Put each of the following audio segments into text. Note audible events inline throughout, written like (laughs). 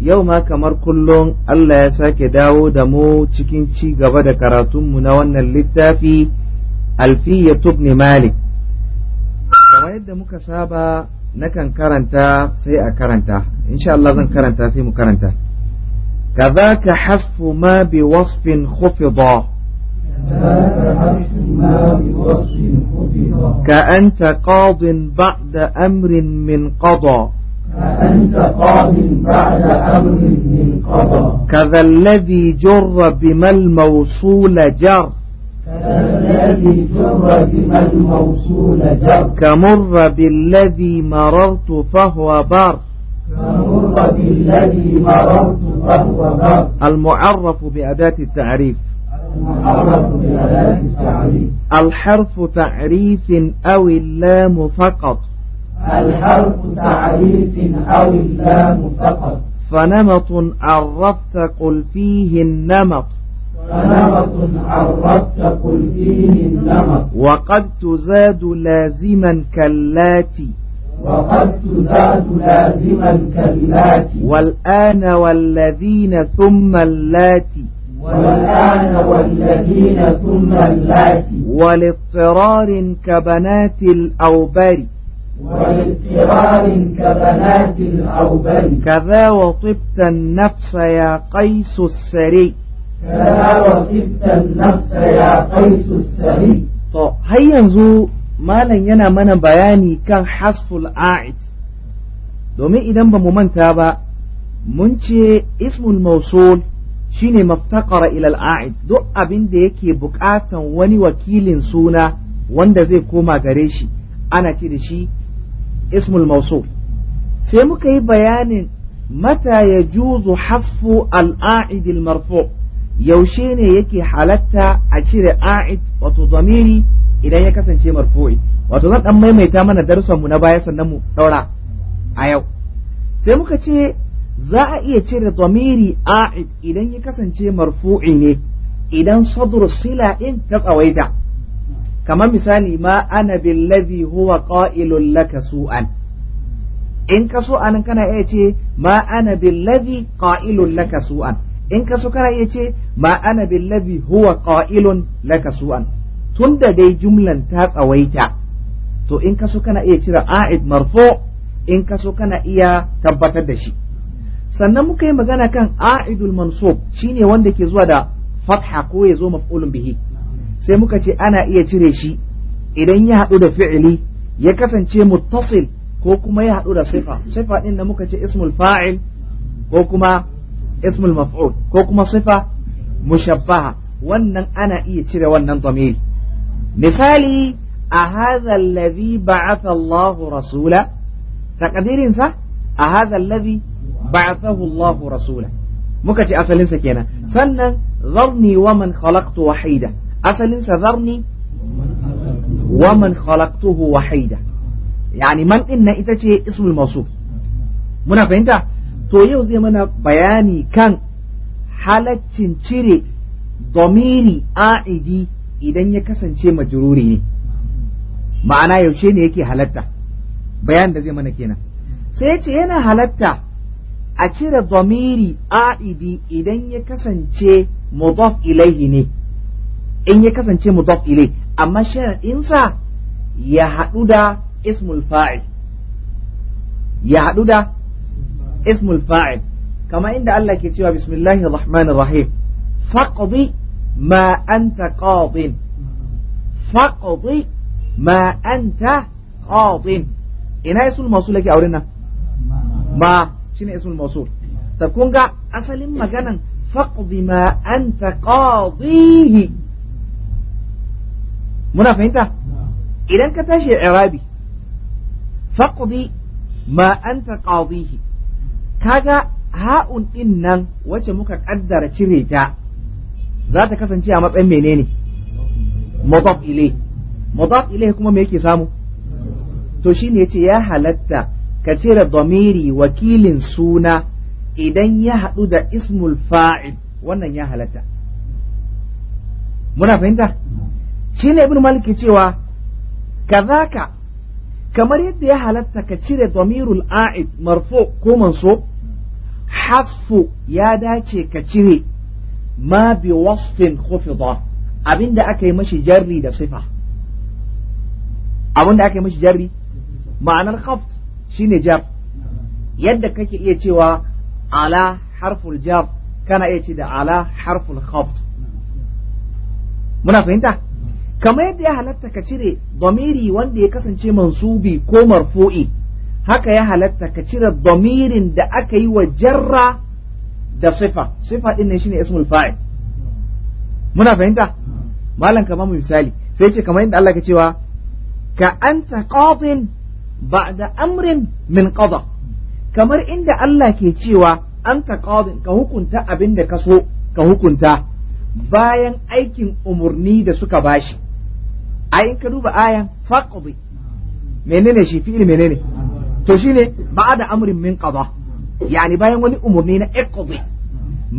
yau ma kamar kullum Allah ya sake dawo da mu cikin ci gaba da karatunmu na wannan littafi alfiya tubni malik kamar yadda muka saba na kan karanta sai a karanta insha Allah zan karanta sai mu karanta كذاك حذف ما بوصف خفض كأنت قاض بعد أمر من قضى أأنت قاض بعد أمر من قضى كذا الذي جر بما الموصول جر الذي جر بما الموصول جر كمر بالذي مررت فهو بر كمر بالذي مررت فهو بر المعرف بأداة التعريف المعرف بأداة التعريف الحرف تعريف أو اللام فقط الحرف تعريف أو اللام فقط فنمط عرفت قل فيه النمط فنمط عرفت قل فيه النمط وقد تزاد لازما كاللاتي وقد تزاد لازما كاللاتي والآن والذين ثم اللاتي والآن والذين ثم اللاتي ولاضطرار كبنات الأوبر والاضطرار كبنات الأوبن كذا وطبت النفس يا قيس السري كذا وطبت النفس يا قيس السري طب هيا نزو malam yana mana bayani kan hasful a'id domin idan ba mu manta ba mun ce ismul mausul shine maftaqara ila al-a'id duk abin da yake buƙatan wani wakilin suna wanda zai koma gare shi ana ci da shi ismul sai muka yi bayanin mata ya juzu hasfu al'a'id marfu yaushe ne yake halatta a cire a'id wato zamiri idan ya kasance marfu'i wato zan maimaita mana darussan na baya sannan mu daura a yau sai muka ce za a iya cire zamiri a'id idan ya kasance marfu'i ne idan sadru sila din ta tsawaita kamar misali ma ana billazi huwa qa'ilul laka su'an in ka so anan kana iya ce ma ana billazi qa'ilul laka su'an in ka so kana iya ce ma ana billazi huwa qa'ilun laka su'an tunda dai jumlan ta tsawaita to in ka so kana iya cire a'id marfu in ka so kana iya tabbatar da shi sannan muka yi magana kan a'idul mansub shine wanda ke zuwa da fatha ko ya zo maf'ulun bihi sai muka ce ana iya cire shi idan ya haɗu da fi'ili ya kasance muttasil ko kuma ya haɗu da sifa sifa ɗin da muka ce ismul fa'il ko kuma ismul maf'ul ko kuma sifa mushabbaha wannan ana iya cire wannan dhamir misali a hadha alladhi ba'atha Allah rasula taqdirin sa a hadha alladhi ba'athahu Allah rasula muka ce asalin sa kenan sannan dharni wa man khalaqtu wahida asalin sa zarni wa man khalaqtuhu wahida yani man din nan ita ce ismul mawsuf muna fahimta to yau zai mana bayani kan halaccin cire domini a'idi idan ya kasance majruri ne ma'ana yaushe ne yake halatta bayan da zai mana kenan sai ya ce yana halatta a cire domiri a'idi idan ya kasance mudaf ilaihi ne in ya kasance mudaf ilai amma sharaɗinsa ya haɗu da ismul fa'il ya haɗu da ismul fa'il kama inda Allah ke cewa bismillahir rahmanir rahim faqdi ma anta qadin faqdi ma anta qadin ina ismul mawsul yake a wurin nan ma shine ismul mawsul ta kun ga asalin maganan faqdi ma anta qadihi muna fahimta idan ka tashi irabi faqdi ma anta qadihi kaga ha'un din nan wacce muka kaddara cire ta za ta kasance a matsayin menene mudaf ilay mudaf ilay kuma me yake samu to shine yace ya halatta ka cire damiri wakilin suna idan ya haɗu da ismul fa'il wannan ya halatta muna fahimta shine ibn malik cewa kazaka kamar yadda ya halatta ka cire damirul a'id marfo ko manso hasfu ya dace ka cire ma bi wasfin khufida abinda aka yi mashi jarri da sifa abinda aka yi mashi jarri ma'anar khaft shine jar yadda kake iya cewa ala harful jar kana iya ce da ala harful khaft muna fahimta kamar yadda ya halatta ka cire domiri wanda ya kasance mansubi ko marfu'i haka ya halatta ka cire domirin da aka yi wa jarra da sifa sifa din ne shine ismul fa'il muna fahimta malam kamar misali sai ce kamar yadda Allah ka cewa ka anta qadin ba'da amrin min qada kamar inda Allah ke cewa anta qadin ka hukunta abin da ka so ka hukunta bayan aikin umarni da suka bashi ai ka duba ayan faqdi menene shi fi'il menene to shine ba'da amrin min qada yani bayan wani umurni na iqdi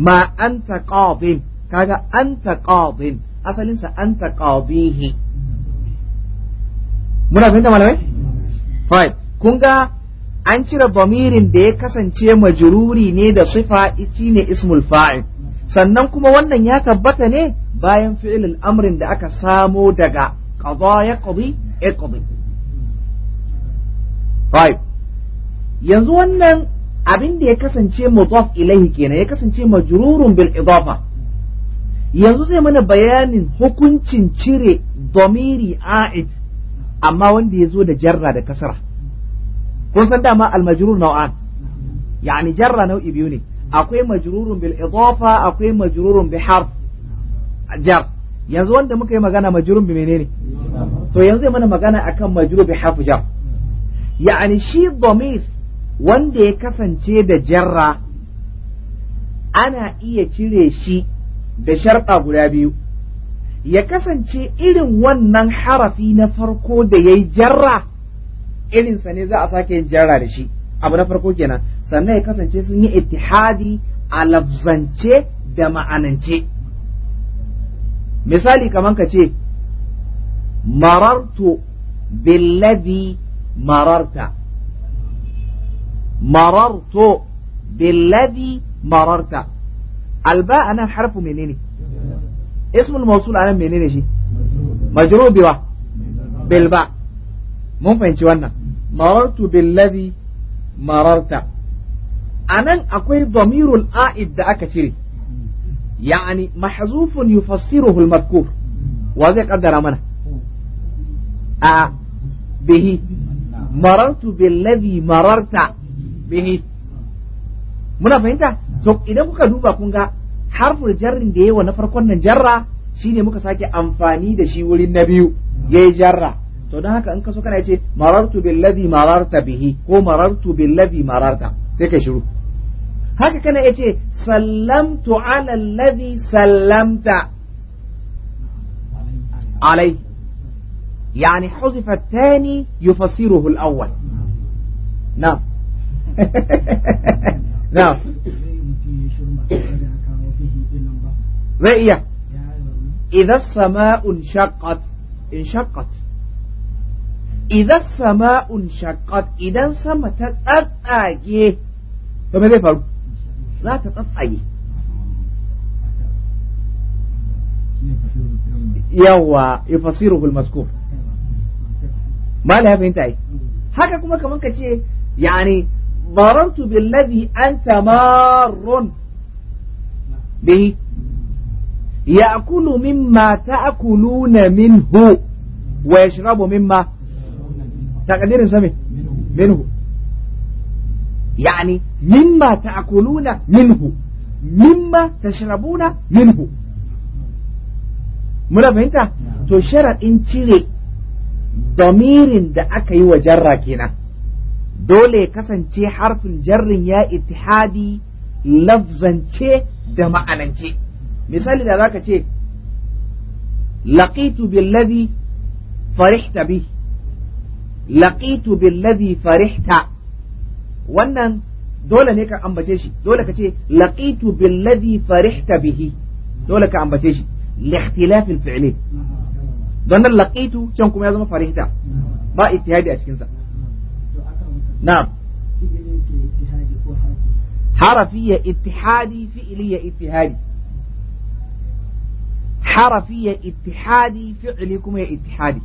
ma anta qadin kaga anta qadin asalin sa anta qadihi muna fahimta malamai fine kun ga an cire bamirin da ya kasance majruri ne da sifa ne ismul fa'il sannan kuma wannan ya tabbata ne bayan fi'il al'amrin da aka samo daga قضى يقضي اقضي طيب yanzu wannan abin da ya kasance mudaf ilaihi kenan ya kasance majrurun bil idafa yanzu zai mana bayanin hukuncin cire domiri a'id amma wanda ya zo da jarra da kasara kun san dama al majrur nau'an yani jarra nau'i biyu ne akwai majrurun bil idafa akwai majrurun bi harf jar yanzu wanda muka yi magana majrun bi menene to yanzu ya mana magana akan majrun bi hafu jar ya'ani shi domis wanda ya kasance da jarra ana iya cire shi da sharɗa guda biyu ya kasance irin wannan harafi na farko da ya yi jarra irinsa ne za a sake yin jarra da shi abu na farko kenan sannan ya kasance sun yi ittihadi a lafzance da ma'anance misali kaman ka ce marartu billadi mararta marartu billadi mararta alba nan harfu menene ismul mawsul anan menene shi majrur bilba mun fahimci wannan marartu billadi mararta anan akwai damirul a'id da aka cire يعني محذوف يفسره المذكور وزي قدر منه أه به مررت بالذي mararta. Bihi, muna fahimta to idan kuka duba kun ga harfin jarrin da yawa na farkon nan jarra shine muka sake amfani da shi wurin na biyu yayi jarra to don haka in ka so kana ce marartu billadhi mararta bihi ko marartu billadhi mararta sai kai shiru haka kana ya ce sallamtu ala alladhi sallamta alai يعني حذف الثاني يفسره الأول نعم نعم رئية إذا السماء انشقت انشقت إذا السماء انشقت إذا سمتت أتأجيه فماذا يفعل؟ za ta tsatsaye yawa yufasiruhul mazkur mala ya fahimta ai haka kuma kamar ka ce yani barantu billazi an tamarun. bihi ya'kulu mimma ta'kuluna minhu wa yashrabu mimma Takadirin sami minhu يعني مما تأكلون منه مما تشربون منه muna fahimta to sharaɗin cire damirin da aka yi wa jarra dole kasance harfin jarrin ya ittihadi lafzance da ma'anance misali da zaka ce laqitu billadhi farihta bi laqitu billadhi farihta wannan dole ne ka ambace shi dole ka ce laqitu billadhi farihta bihi dole ka ambace shi li ikhtilaf al don nan laqitu can kuma ya zama farihta ba ittihadi a cikin sa na'am harafiyya ittihadi fi'liyya ittihadi harafiyya ittihadi fi'li kuma ya ittihadi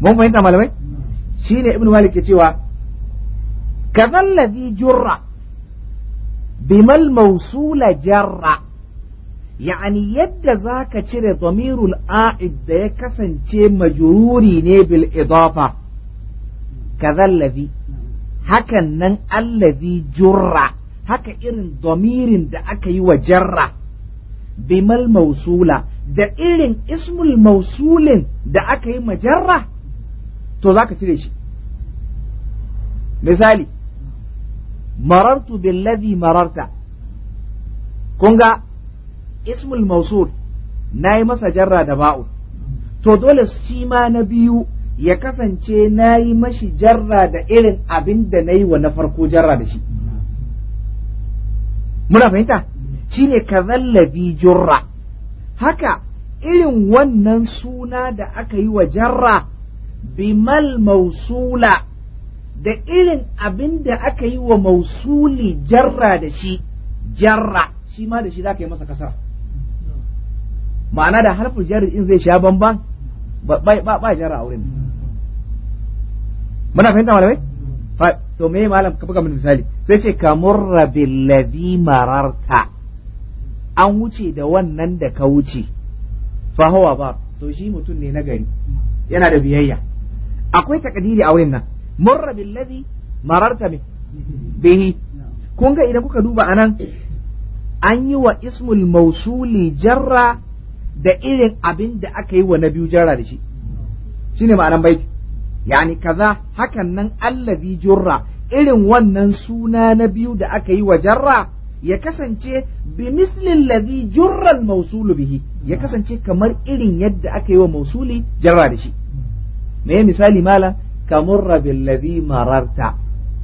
mun fahimta malamai shine ibnu malik ya cewa كذا الذي جر بما الموصول جر يعني يد ذاك تشري ضمير الآعد ده كسن مجروري ني بالإضافة كذا الذي هكا نن الذي جر هكا إرن ضمير ده أكي وجر بما الموصولة ده إرن اسم الموصول ده أكي مجرة تو ذاك تشري شي misali marartu billazi mararta kun ga ismul mausul na yi masa jarra da ba'u to dole shi ma na biyu ya kasance na yi mashi jarra da irin abin da na yi wa na farko jarra da shi muna fahimta shine kazallabi jurra haka irin wannan suna da aka yi wa jarra bimal mausula da irin abin da aka yi wa mausuli jarra da shi jarra shi ma da shi za ka yi masa kasara ma'ana da harfin jarri in zai sha bamban ba ba jarra a wurin muna fahimta malamai to me malam ka buga min misali sai ce kamurra billazi mararta an wuce da wannan da ka wuce fa ba to shi mutum ne na gari yana da biyayya akwai takadiri a wurin nan murra billazi mararta bihi kun ga idan kuka duba anan an yi wa ismul mausuli jarra da irin abin da aka yi wa na biyu jarra da shi shine ma'anan bai yani kaza hakan nan allazi jurra irin wannan suna na biyu da aka yi wa jarra ya kasance bi mislin ladhi jurra al bihi ya kasance kamar irin yadda aka yi wa mausuli jarra da shi me misali malam. كمر بالذي مررت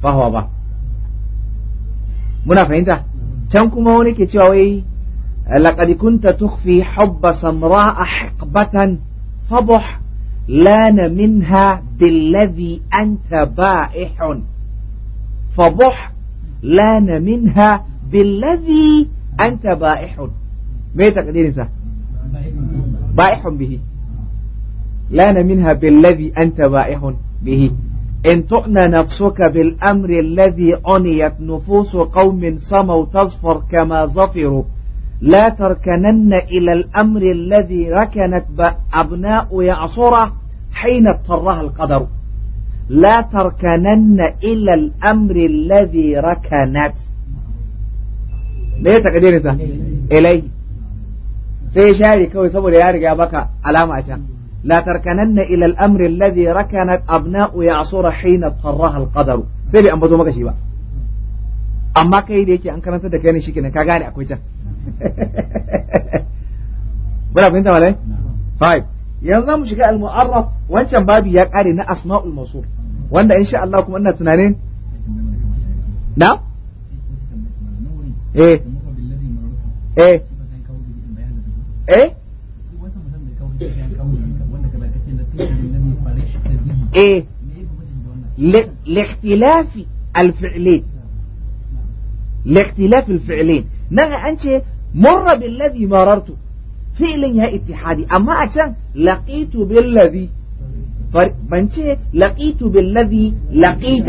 فهو با منا فهمت كان كما وني كيتوا وي لقد كنت تخفي حب سمراء حقبة فبح لان منها بالذي أنت بائح فبح لان منها بالذي أنت بائح ما تقدير إنسا بائح به لان منها بالذي أنت بائح به إن تؤن نفسك بالأمر الذي أنيت نفوس قوم صموا تظفر كما ظفروا لا تركنن إلى الأمر الذي ركنت أبناء يعصره حين اضطرها القدر لا تركنن إلى الأمر الذي ركنت ليه تقدير إليه سيشاري كوي share kawai يا ya riga baka alama لا تركنن إلى الأمر الذي ركنت أبناء يعصر حين اضطرها القدر sai bai ambato maka shi ba amma kai da yake an karanta da kai ne shikenan ka gane akwai can bala fahimta malai five yanzu za mu shiga al-mu'arraf wancan babu ya kare na asma'ul mawsul wanda Allah kuma ina tunanin na eh ايه لاختلاف الفعلين لاختلاف الفعلين نغا انشي مر بالذي مررت فعل يا اتحادي اما عشان لقيت بالذي فانت لقيت بالذي لقيت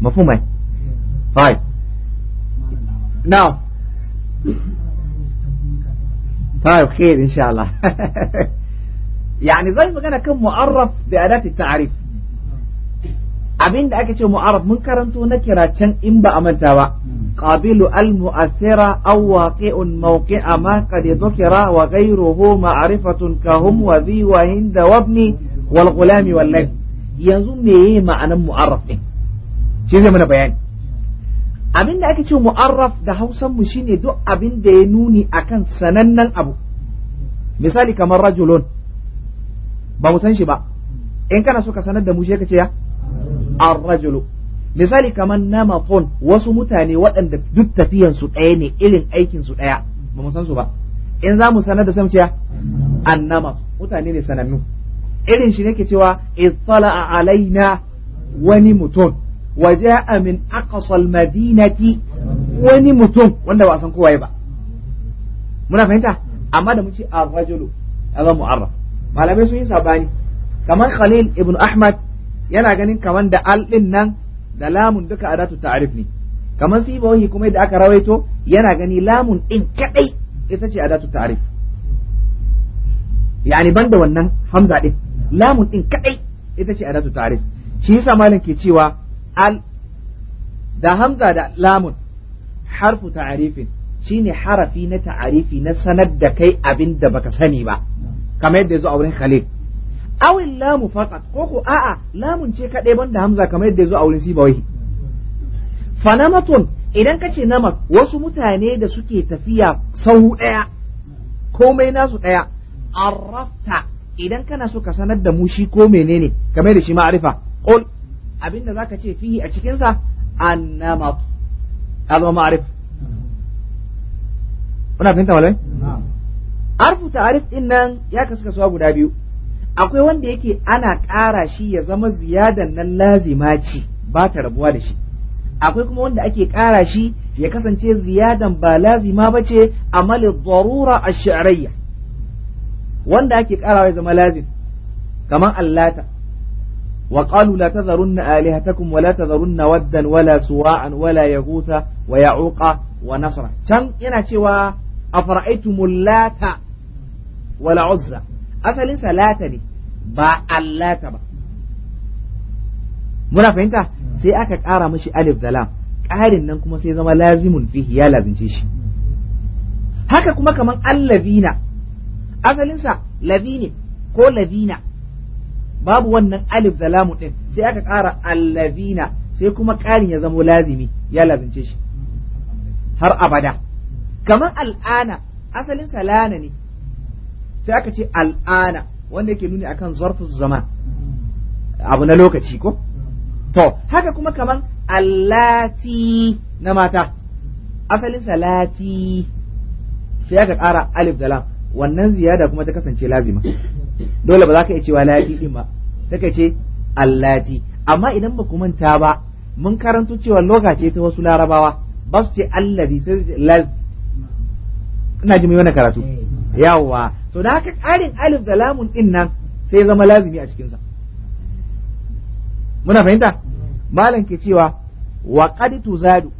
مفهوم طيب نعم طيب خير ان شاء الله (laughs) يعني زي ما كان كم معرف بأداة التعريف أبين دا أكتش مؤرف منكرمتو نكرا چن إمبا أمنتوا قابل المؤثرة أو واقع موقع ما قد ذكر وغيره معرفة كهم وذي وهند وابني والغلام والنج ينظم إيه معنى مؤرف شيء من بيان أبين دا معرف مؤرف دا هوسا مشيني دو أبين دينوني أكن سنن أبو مثالي كما رجلون ba mu san shi ba in kana so ka sanar da mu shi ka ce ya ar-rajulu misali kamar namaton wasu mutane waɗanda duk tafiyan su ɗaya ne irin aikin su ɗaya ba mu san su ba in za mu sanar da sai mu ce ya annama mutane ne sanannu irin shi nake cewa ittala alaina wani mutum waje amin aqsal madinati wani mutum wanda ba san kowa ba muna fahimta amma da mu ce ar-rajulu azamu arraf malamai sun yi sabani kamar Khalil ibn Ahmad yana ganin kamar da al din nan da lamun duka adatu ta'arif ne kamar Sibawi kuma da aka rawaito yana gani lamun din kadai ita ce adatu ta'rif yani banda wannan hamza din lamun din kadai ita ce adatu ta'arif, shi yasa malam ke cewa al da hamza da lamun harfu ta'rifin shine harafi na ta'arifi na sanar da kai abin da baka sani ba kamar yadda ya zo a wurin khalil awil lamu faqat ko ko a'a lamun ce kadai banda hamza kamar yadda ya zo a wurin Sibawahi fanamatun idan ka ce namat wasu mutane da suke tafiya sau daya komai nasu daya arrafta idan kana so ka sanar da mu shi ko menene kamar da shi ma'arifa qul abinda zaka ce fihi a cikin sa annamat azama ma'arif kuna fahimta na'am arfu ta'arif din nan ya kasu kasuwa guda biyu akwai wanda yake ana ƙara shi ya zama ziyadan nan lazima ce ba ta rabuwa da shi akwai kuma wanda ake ƙara shi ya kasance ziyadan ba lazima ba ce a malin zarura a sha'arayya wanda ake ƙara ya zama lazim kamar allata wa qalu la tadharunna alihatakum wa la na waddan wala suwa'an wala yaghutha wa ya'uqa wa nasra can yana cewa afara'aytumul lata wala uzza asalin salata ne ba allata ba muna fahimta sai aka ƙara mashi alif da lam ƙarin nan kuma sai zama lazimun fihi ya lazimce shi haka kuma kaman allazina asalinsa labine ko labina babu wannan alif da lamu ɗin sai aka ƙara allabina sai kuma ƙarin ya zama lazimi ya lazimce shi har abada kaman al'ana asalin salana ne sai aka ce al'ana wanda yake nuni akan zarfu zaman abu na lokaci ko to haka kuma kaman allati na mata asalin salati sai aka ƙara alif da lam wannan ziyada kuma ta kasance lazima dole ba za ka iya cewa lati din ba ta allati amma idan ba ku manta ba mun karanto cewa lokaci ta wasu larabawa ba su ce allazi sai laz ina ji mai wani karatu eh. yawa to da haka ƙarin alif da lamun din nan sai zama lazimi a cikinsa muna fahimta malam ke cewa wa qad tuzadu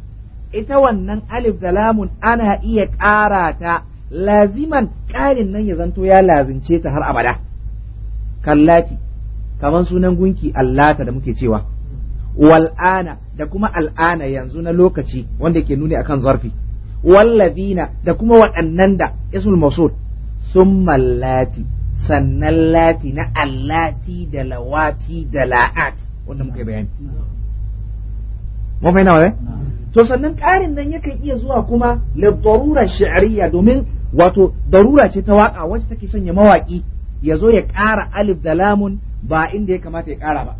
ita wannan alif da lamun ana iya ƙara ta laziman ƙarin nan ya zanto ya lazince ta har abada kallati kamar sunan gunki allata da muke cewa wal'ana da kuma al'ana yanzu na lokaci wanda ke nuni akan zarfi wallabina da kuma waɗannan da ismul mawsul sun mallati sannan lati na allati da lawati da la'at wanda muka yi bayani mun fahimta to sannan ƙarin nan yakan iya zuwa kuma darura shi'ariya domin wato darura ce ta waƙa wacce take sanya mawaƙi ya zo ya ƙara alif da lamun ba inda ya kamata ya ƙara ba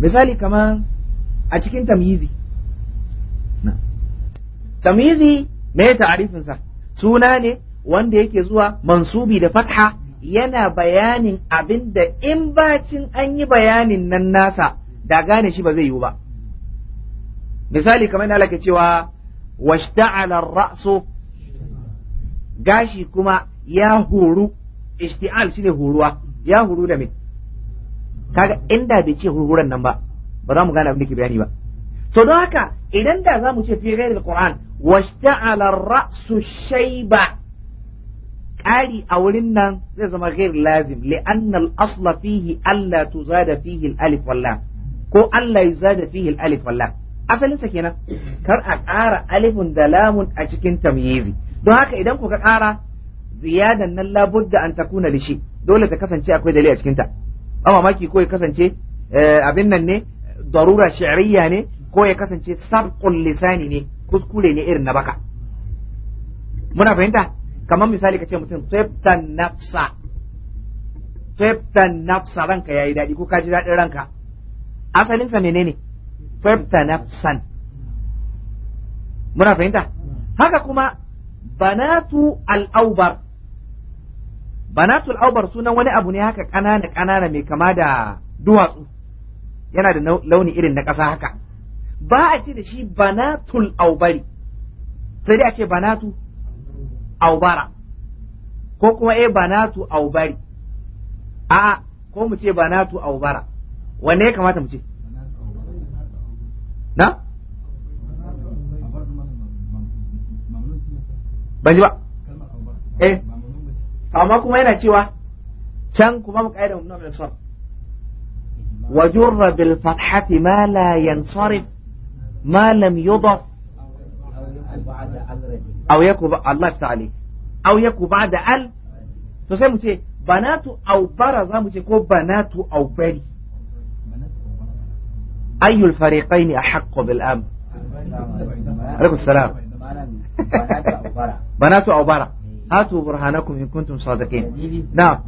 misali kamar a cikin tamizi. tamyizi me ta'arifinsa suna ne wanda yake zuwa mansubi da fatha yana bayanin abin da in bacin an yi bayanin nan nasa da gane shi ba zai yiwu ba misali kamar na ke cewa washta'ala ra'su gashi kuma ya horu ishti'al shine horuwa ya horu da me kaga inda bai ce hurhuran nan ba ba za mu gane abin da ke bayani ba to don haka idan da za mu ce fi ghairil qur'an washta'ala ra'su shayba ƙari a wurin nan zai zama ghair lazim liannal asla fihi alla zada fihi al-alif ko Allah yuzada fihi al-alif wal lam asalin sa kenan kar a ƙara alifin da lamun a cikin tamyizi don haka idan ku ka ƙara ziyadan nan labudda an takuna da shi dole ta kasance akwai dalili a cikinta ba mamaki ko ya kasance eh, abin nan ne darura shi'riya ne ko ya kasance sabqul lisani ne kuskure ne irin na baka muna fahimta kamar misali ka ce mutum tiftan nafsa tiftan nafsa ranka ya yi daɗi ko ka ji daɗin ranka asalinsa mene ne? tiftan nafsan muna fahimta haka kuma banatu al'aubar banatu al'aubar sunan wani abu ne haka ƙanana ƙanana mai kama da duwatsu yana da launi irin na ƙasa haka ba a ce da shi banatul aubari sai dai a ce banatu aubara ko kuma e banatu aubari bari a ko mu ce banatu aubara wanne ya kamata mu ce na ban ji ba eh amma kuma yana cewa can kuma mu kaida mun da sar bil fathati ma la yansarif ma lam yudaf أو يكو الله تعالى أو يكو بعد أل تسمى مجي بناتو أو برزا مجي كو بناتو أو بري أي الفريقين أحق بالأم عليكم السلام (laughs) بناتو أو برا هاتوا برهانكم إن كنتم صادقين نعم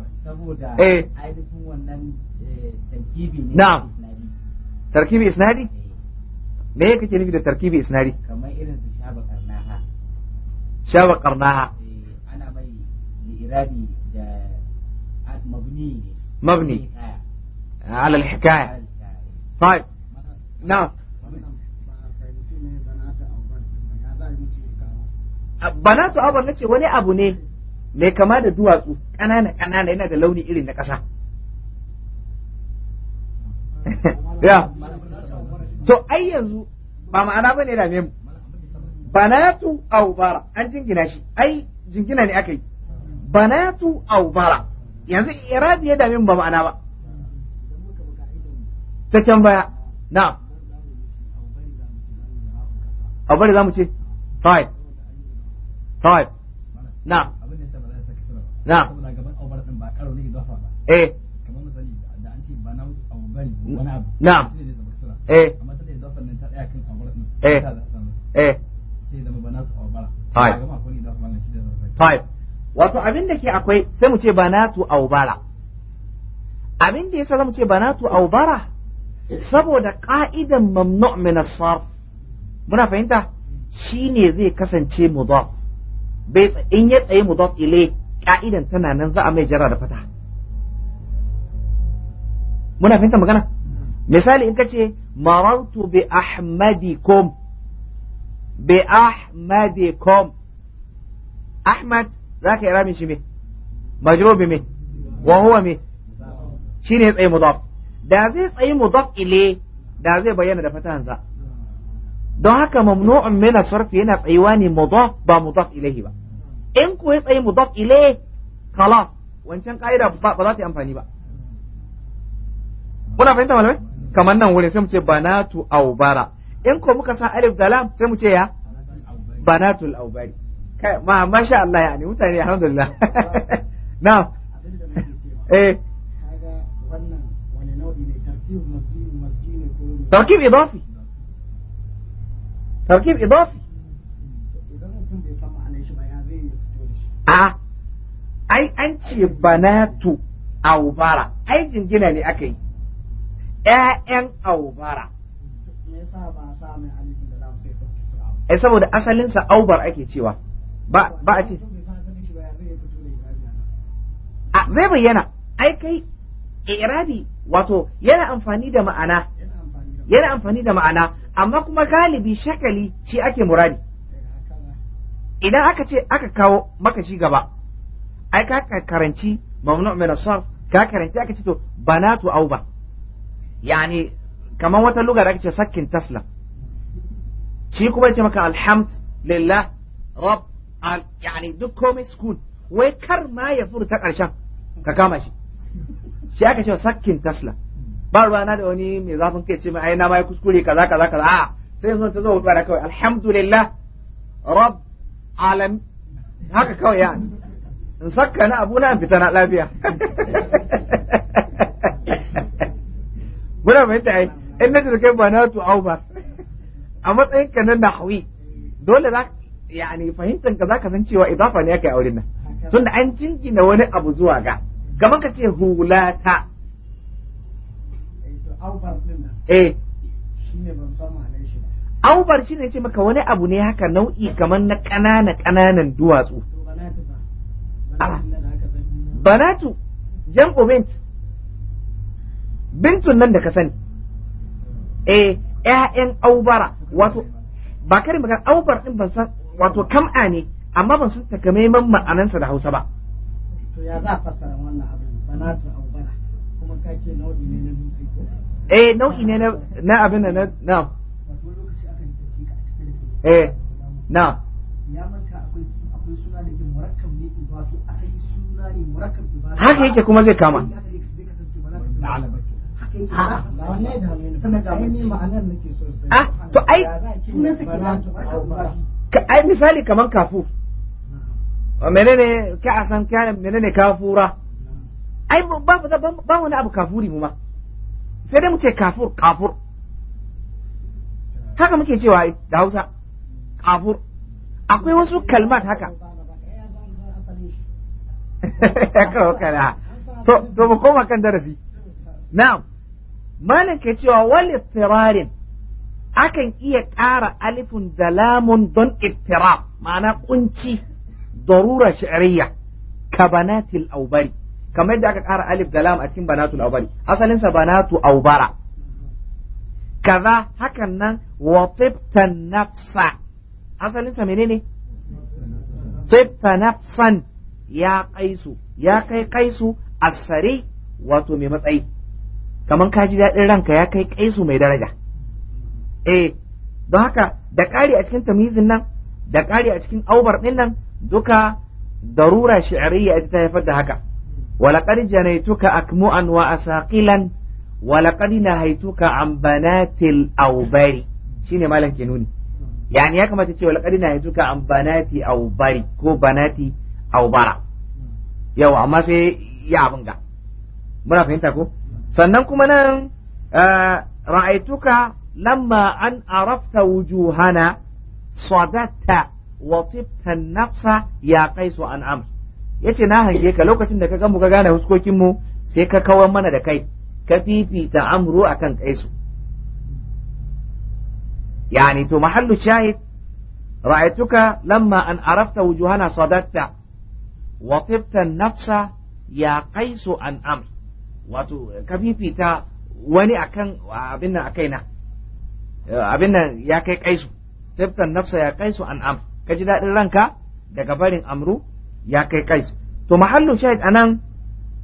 ايه تركيبي نعم تركيبي اسنادي ليه كتير نبي ده اسنادي كما ايه shawa qarnaha mabni mabni على الحكاية طيب نعم banatu abar nace wani abu ne mai kama da duwatsu ƙanana ƙanana yana da launi irin na ƙasa ya to ai yanzu ba ma'ana bane da mu banatu aubara an jingina shi ai jingina ne aka yi banatu aubara yanzu iradi ya damin ba ma'ana ba ta can baya na aubari za mu ce five five na? na? eh na? eh eh five wato abin da ke akwai sai mu ce banatu aubara abin da yasa zamu ce banatu aubara saboda ka'idan mamnu' min as-sarf muna fahimta shi ne zai kasance mudaf bai in ya tsaye mudaf ilay ka'idan tana nan za a mai jara da fata muna fahimta magana mm-hmm. misali in kace marartu bi ahmadikum bi ahmadikum ahmad zaka yi ramin shi me majrur bi me wa huwa me shine da zai tsaye mudaf da zai bayyana da fatahan don haka mamnu'un min sarfi yana tsayuwa ne mudaf ba mudaf ilayhi ba in ko ya tsaye mudaf ilayhi khalas wancan ba za ta yi amfani ba kuna fahimta malamai kamar nan wurin sai mu ce banatu au in ko muka sa alif da lam sai mu ce ya banatul aubari kai ma masha Allah yani mutane alhamdulillah (laughs) na eh tarkib idafi tarkib idafi a ah. ai an ce banatu aubara ai jingina ne aka yi ‘ya'yan aubara ai eh, saboda asalinsa aubar ake cewa ba a ce a zai bayyana ai kai irabi wato yana amfani da ma'ana yana amfani da ma'ana amma kuma galibi shakali shi ake muradi eh, idan aka ce aka kawo maka shi gaba ai ka karanci mamnu min asar ka karanci aka ce to banatu auba yani kamar wata luga da ake sakkin taslam shi kuma yake maka alhamdulillah rab al yani duk komai sukun wai kar ma ya furta karshen ka kama shi shi aka ce sakkin taslam ba ruwana da wani mai zafin kai ce mai na ma ya kuskure kaza kaza kaza a sai yanzu ta zo hudu da kawai alhamdulillah rab alam haka kawai ya in sakka na abu na fita na lafiya (laughs) muna mai ta in na jirgin ba na tu'au ba a matsayin ka na nahwi dole za ne fahimtar ka zaka san cewa idafa ne kai aure nan tunda an jingina wani abu zuwa ga Gama ka ce hulata eh aubar eh. shi ne ce maka wani abu ne haka nau'i kamar na ƙanana ƙananan duwatsu banatu Jan ah. bint bintun nan da ka sani eh ƴaƴan aubara wato ba karin magana aubar din ban san wato kam'a ne amma ban san takamaiman ma'anansa da Hausa ba to ya za a fassara wannan abin banatu aubara kuma ka ce nau'i ne na dutse ko eh nau'i ne na na abin na na eh na ya manta akwai akwai suna da yin murakkab ne wato asali suna ne murakkab haka yake kuma zai kama a ah, to ai ka ai misali kaman kafur menene ka san kana menene kafura ai ba ba wani abu kafuri mu ma sai dai mu ce kafur kafur haka muke cewa da Hausa kafur akwai wasu kalmat haka (laughs) to to mu koma kan darasi na'am malin ke cewa wal ittirarin akan iya ƙara alifun da lamun don ittirab ma'ana kunci darura shi'ariya, ka banatil aubari kamar yadda aka ƙara alif da lam a cikin banatul aubari asalinsa banatu aubara kaza hakan nan wa tibtan nafsa asalinsa menene tibta nafsan ya kaisu ya kai kaisu asari wato mai matsayi kamar ka ji daɗin ranka ya kai ƙaisu mai daraja. Eh, don haka da ƙari a cikin tamizin nan, da ƙari a cikin aubar ɗin nan duka darura shi'ariyya ita ta haifar da haka. Walaƙar janaituka an wa asaqilan walaƙar na haituka an banatil aubari shi ne malam ke nuni. Yani ya kamata ce walaƙar na haituka an banati aubari ko banati aubara. Yau amma sai ya abin ga. Muna fahimta ko? sannan kuma nan eh, ra'aituka lamma an arafta wujuhana sadatta wa tibta nafsa ya kaisu an am yace na hange ka lokacin da ka gamu ka gane huskokin mu sai ka kawar mana da kai ka fifita amru akan kaisu. yani to mahallu shahid ra'aituka lamma an arafta wujuhana sadatta wa tibta nafsa ya kaisu an amr wato ka fifita wani akan abin nan akai na abin nan ya kai kaisu tabtan nafsa ya kaisu an am ka ji daɗin ranka daga barin amru ya kai kaisu to mahallu shahid anan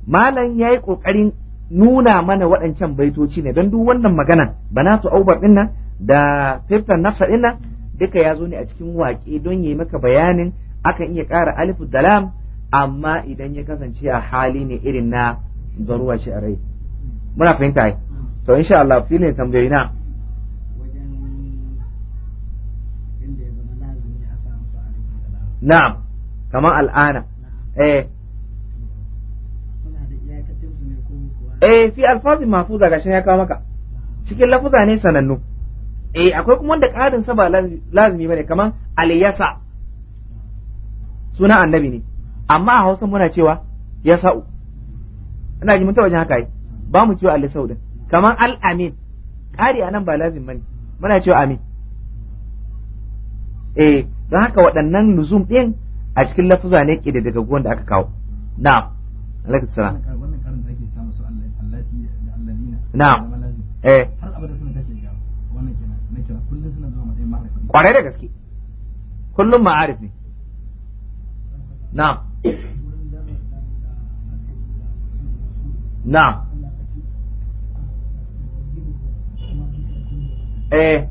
malam ya yi kokarin nuna mana waɗancan baitoci ne don duk wannan magana banatu aubar din nan da tabtan nafsa din nan duka ya zo ne a cikin waƙe don ya yi maka bayanin akan iya ƙara alifu dalam amma idan ya kasance a hali ne irin na zaruwa shi a rai muna fahimta ai to insha Allah filin tambayoyi na na'am kamar al'ana eh eh fi alfazin mafuza shi ya kawo maka cikin lafuza ne sanannu eh akwai kuma wanda ƙarin sa ba lazimi bane kamar aliyasa suna annabi ne amma a Hausa muna cewa yasa'u ina ji mun wajen haka yi ba mu cewa al saudin kamar al-amin ƙari a nan ba lazim bane muna cewa amin eh don haka waɗannan nuzum ɗin a cikin lafuza ne ke da aka kawo na'am alaikum salam na'am eh kwarai da gaske kullum ma'arifi na'am na'am eh.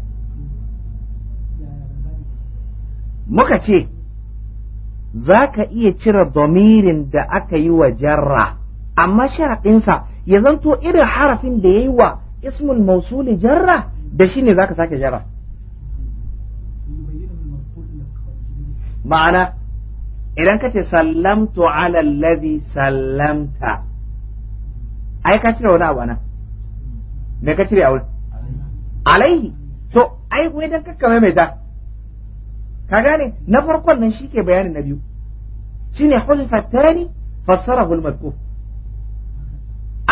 muka ce za ka iya cire domirin da aka yi wa jarra amma sharaɗinsa ya zanto irin harafin da ya yi wa ismul mausuli jarra da shi ne za ka sake jarra ma'ana idan ka ce sallamtu ala allazi sallamta ai ka cire wani abu anan me ka cire a wurin alaihi to ai wai dan kakka mai ta ka gane na farkon nan shi ke bayanin na biyu shine hulfa tani fasara hul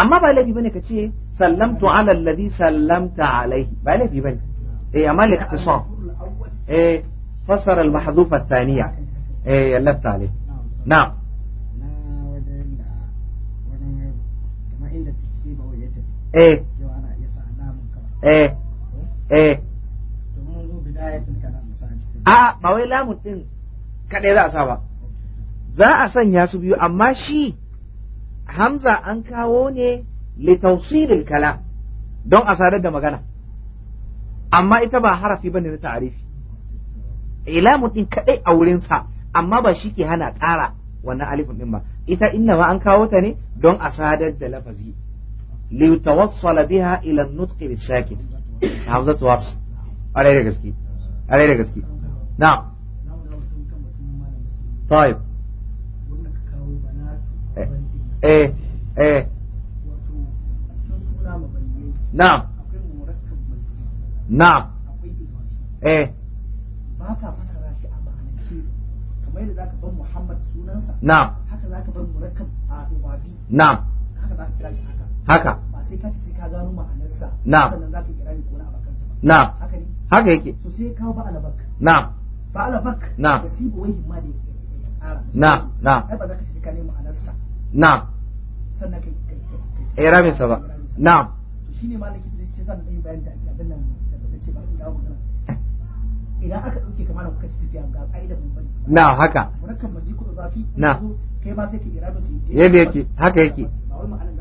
amma ba laifi bane ka ce sallamtu ala alladhi sallamta alaihi ba laifi bane eh amma ka so eh fassara al-mahdhufa ath-thaniya eh yallabta alaihi na'am Eh. eh eh eh a ba wai lamun din kaɗai za a sa sanya su biyu amma shi hamza an kawo ne litausilil kalam don a sadar da magana amma ita ba harafi bane na ta'arifi ilamun eh, din kadai a wurinsa amma ba shi ke hana ƙara wannan alifin din ba ita inna ma an kawo ta ne don a sadar da lafazi ليتوصل بها إلى النطق بالساكن همزة وصل عليه رجسكي عليه رجسكي نعم طيب إيه،, ايه ايه نعم نعم ايه نعم نعم, نعم. haka Na. Na. na na na haka Na. Na. yake Na. Na. na na na na na na na ai ba za Na. na sannan eh, na idan aka dauke kamar kuka tafiya ga aida bambam na haka murakkab maziku zafi na kai ma sai ki irami su yake haka yake ba wai ma'anar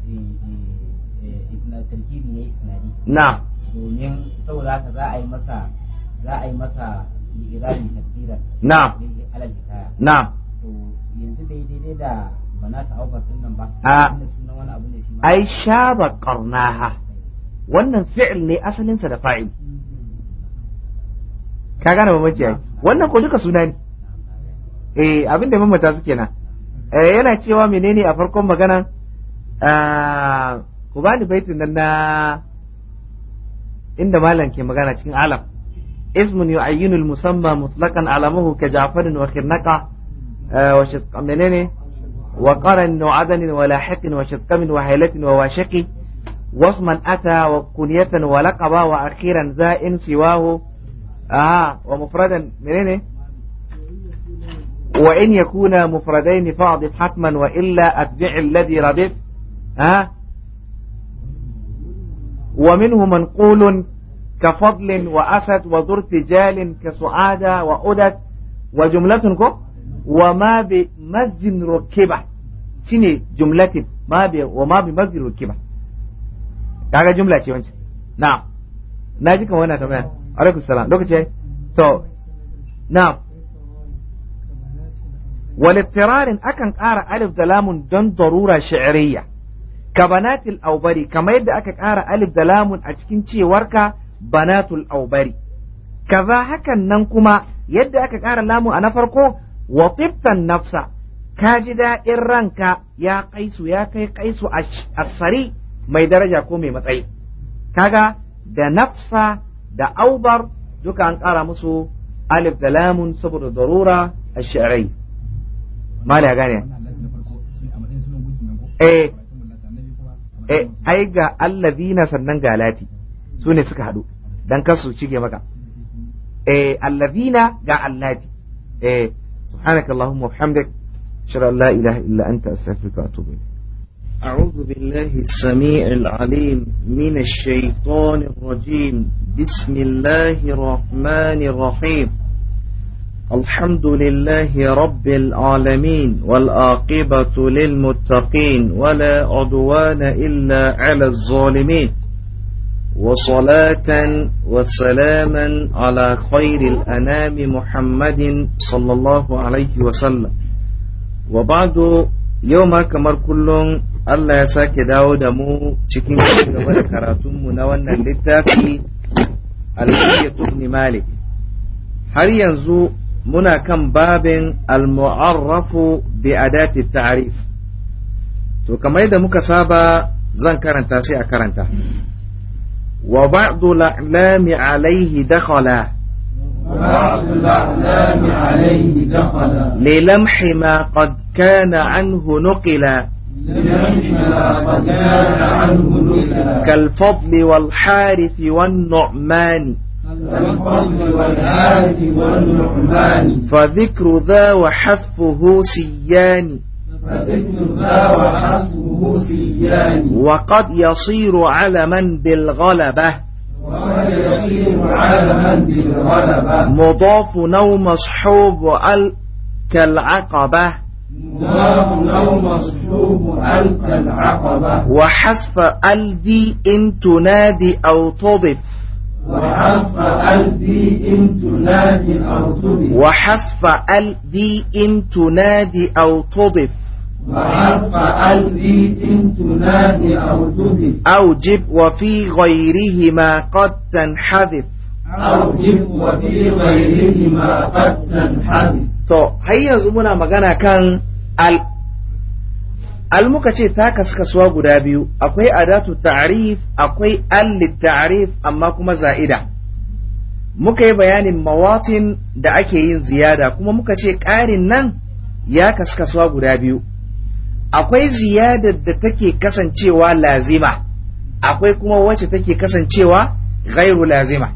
na domin saboda haka za a yi masa za a yi masa li'irabin tafsiran na alal hikaya na to yanzu dai daidai da bana ta auka sunan ba a sunan wani abu ne shi ma ai shaba qarnaha wannan fi'il ne asalin sa da fa'il ka gane mamaci ai wannan ko duka suna ne eh abin da mamata suke na eh yana cewa menene a farkon magana ah, ku bani baitin nan na inda malam ke magana cikin alam ismun yu'ayyinu al-musamma mutlaqan 'alamuhu ka ja'far wa khirnaqa wa shizqan menene wa qaran wa adanin wa lahiqin wa shizqan wa haylatin wa washiqi wasman ata wa kunyatan wa laqaba wa akhiran za'in siwahu aha wa mufradan menene وإن يكون مفردين فاضف حتما وإلا أتبع الذي ردف ها ومنه منقول كفضل وأسد وذر تجال كسعادة وأدت وجملة وما بمسجد ركبة شنو جملة ما ب وما بمسجد ركبة kaga jumla ce wancan na'am na ji kamar wannan tambaya alaikum salam lokaci to na'am wal akan ƙara alif da lamun don darura shi'riyya ka banatul aubari kamar yadda aka ƙara alif da lamun a cikin cewarka banatul aubari kaza hakan nan kuma yadda aka ƙara lamu a na farko wa tibtan nafsa ka ji daɗin ranka ya kaisu ya kai kaisu sari mai daraja ko mai matsayi kaga da nafsa da aubar duka an ƙara musu alif da lamun saboda darura a shi'arai mali a gane eh eh ai ga allazina sannan ga lati su suka hadu dan kasu cige maka eh allazina ga allati eh subhanakallahumma wa bihamdik ashhadu la ilaha illa anta astaghfiruka wa atubu ilayk أعوذ بالله السميع العليم من الشيطان الرجيم بسم الله الرحمن الرحيم الحمد لله رب العالمين والآقبة للمتقين ولا عدوان إلا على الظالمين وصلاة وسلاما على خير الأنام محمد صلى الله عليه وسلم وبعد يوم كمر كل الله يساك داود مو تكين mu cikin gaba da الحية na مالك حاليا al منا كم باب المعرف بأداة التعريف تو كما إذا مكسابا زن كرنتا سيع كرنتا وبعض الأعلام عليه دخل وبعض الأعلام عليه دخل للمح ما قد كان عنه نقلا كالفضل والحارث والنعمان والنعمان فذكر ذا وحذفه سيان فذكر ذا وحذفه سيان وقد يصير علما بالغلبة مضاف نوم صحوب كالعقبة مضاف ألذي وحذف إن تنادي أو تضف وحصف ال ذي إن تنادي أو تضف وحصف ال ذي إن تنادي أو تضف وحصف ال إن تنادي أو تضف أوجب وفي غيرهما قد تنحذف أوجب وفي غيرهما قد تنحذف. تو هيا زمنا مغانا كان al al muka ce ta kasu kasuwa guda biyu akwai adatu ta'rif akwai alli ta'rif amma kuma za'ida muka yi bayanin mawatin da ake yin ziyada kuma muka ce ƙarin nan ya kasu kasuwa guda biyu akwai ziyadar da take kasancewa lazima akwai kuma wacce take kasancewa gairu lazima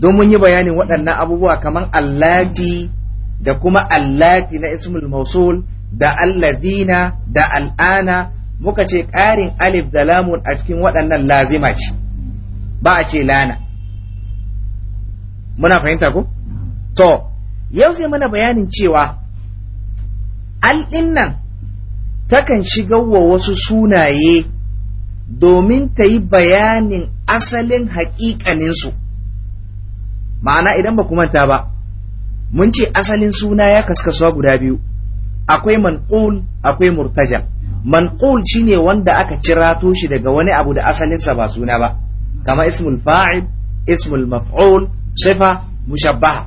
don mun yi bayanin waɗannan abubuwa kamar allati da kuma allati na ismul mausul da allazina da al'ana muka ce ƙarin alif da lamun a cikin waɗannan lazima ce ba a ce lana muna fahimta ko to yau sai mana bayanin cewa al'in nan takan shiga wa wasu sunaye domin ta yi bayanin asalin haƙiƙaninsu ma'ana idan ba ku manta ba mun ce asalin suna ya kaskasuwa guda biyu akwai manqul akwai murtaja manqul shine wanda aka cirato shi daga wani abu da asalinsa ba suna ba kama ismul fa'il ismul maf'ul sifa mushabbaha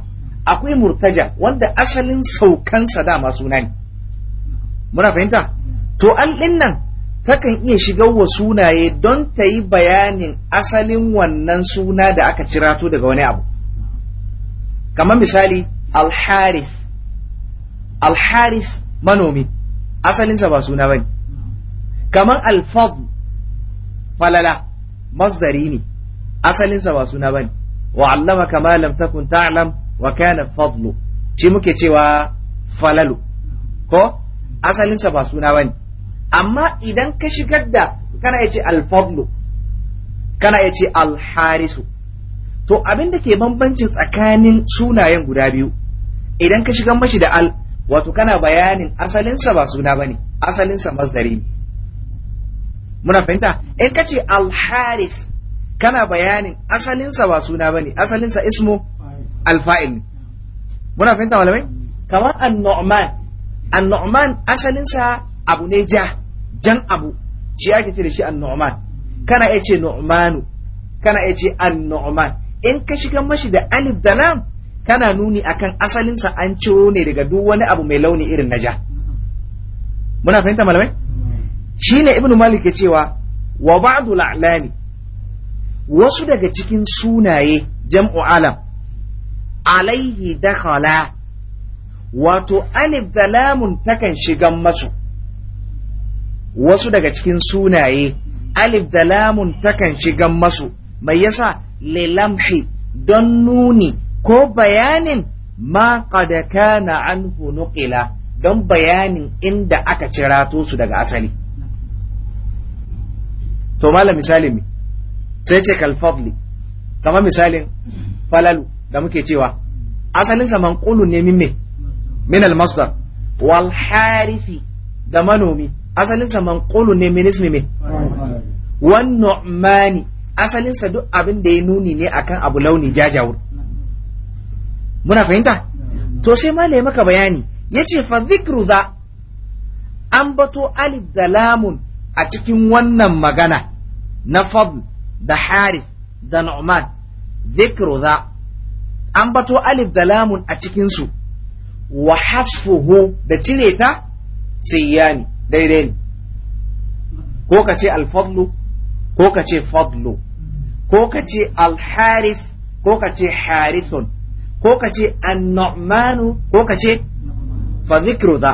akwai murtaja wanda asalin saukansa dama suna ne muna fahimta to an dinnan takan iya shigar wa sunaye don ta yi bayanin asalin wannan suna da aka cirato daga wani abu Kama misali alharif alharif manomi asalinsa ba suna bane kamar alfadl falala masdari ne asalinsa ba suna bane wa allama kama lam takun ta'lam wa kana fadlu shi muke cewa falalu ko asalinsa ba suna bane amma idan ka shigar da kana ya ce alfadlu kana ya ce alharisu to abin da ke bambancin tsakanin sunayen guda biyu idan ka shigar mashi da al wato kana bayanin asalinsa ba suna bane asalinsa masdari ne muna fahimta in kace al alharis kana bayanin asalinsa ba suna bane asalinsa ismu al-fa'il muna fahimta malamai kamar an-nu'man an-nu'man asalinsa abu ne ja jan abu shi ake ce da shi an-nu'man kana iya ce nu'manu kana iya ce an-nu'man in ka shiga mashi da alif da lam tana nuni akan asalinsa an ciro ne daga duk wani abu mai launi irin na ja muna fahimta malamai shine ibnu malik ya cewa wa ba'du la'lani wasu daga cikin sunaye jam'u alam alaihi dakhala wato alif da lamun takan shigan masu wasu daga cikin sunaye alif da lamun takan shigan masu mai yasa lilamhi don nuni ko bayanin ma na kana an nuqila don bayanin inda aka cira su daga asali to malam misali me sai ce kal kama misalin falalu da muke cewa asalin sa ne min min al wal harifi da manomi asalin sa manqulu ne min ismi me wannan mani, asalin duk abin da ya nuni ne akan abu launi jajawur muna fahimta to sai ma ne maka bayani yace fa zikru za an bato alif da lamun a cikin wannan magana na fadl da haris da nu'man zikru za an bato alif da lamun a cikin su wa hasfuhu da cire ta siyani daidai ne ko ka ce alfadlu ko ka ce fadlu ko ka ce alharis ko ka ce harisun ko ka ce annu'manu ko ka ce fa zikru da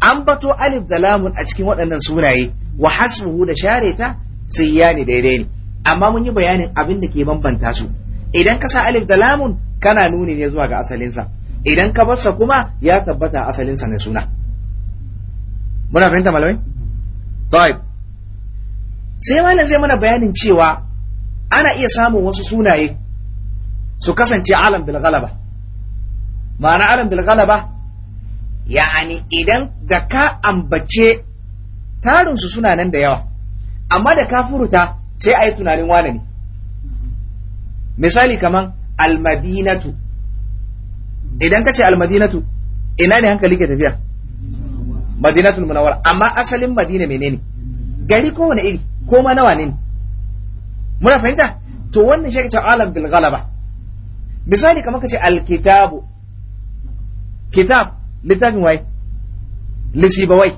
an bato alif da lamun a cikin waɗannan sunaye wa hasbuhu da share ta sai ya ne daidai ne amma mun yi bayanin abin da ke bambanta su idan ka sa alif da lamun kana nuni ne zuwa ga asalinsa idan ka bar sa kuma ya tabbata asalinsa ne suna muna fahimta malamai طيب sai malam zai mana bayanin cewa ana iya samun wasu sunaye su kasance alam bil galaba ma'ana alam bil galaba ya'ani idan da ka ambace tarin su suna nan da yawa amma da ka furuta sai a yi tunanin wane ne misali kaman almadinatu idan ka ce almadinatu ina ne hankali ke tafiya madinatul munawwar amma asalin madina menene gari ko iri ko ma nawa ne muna fahimta to wannan shi alam bil galaba misali kamar kace alkitabu kitab littafin wai wai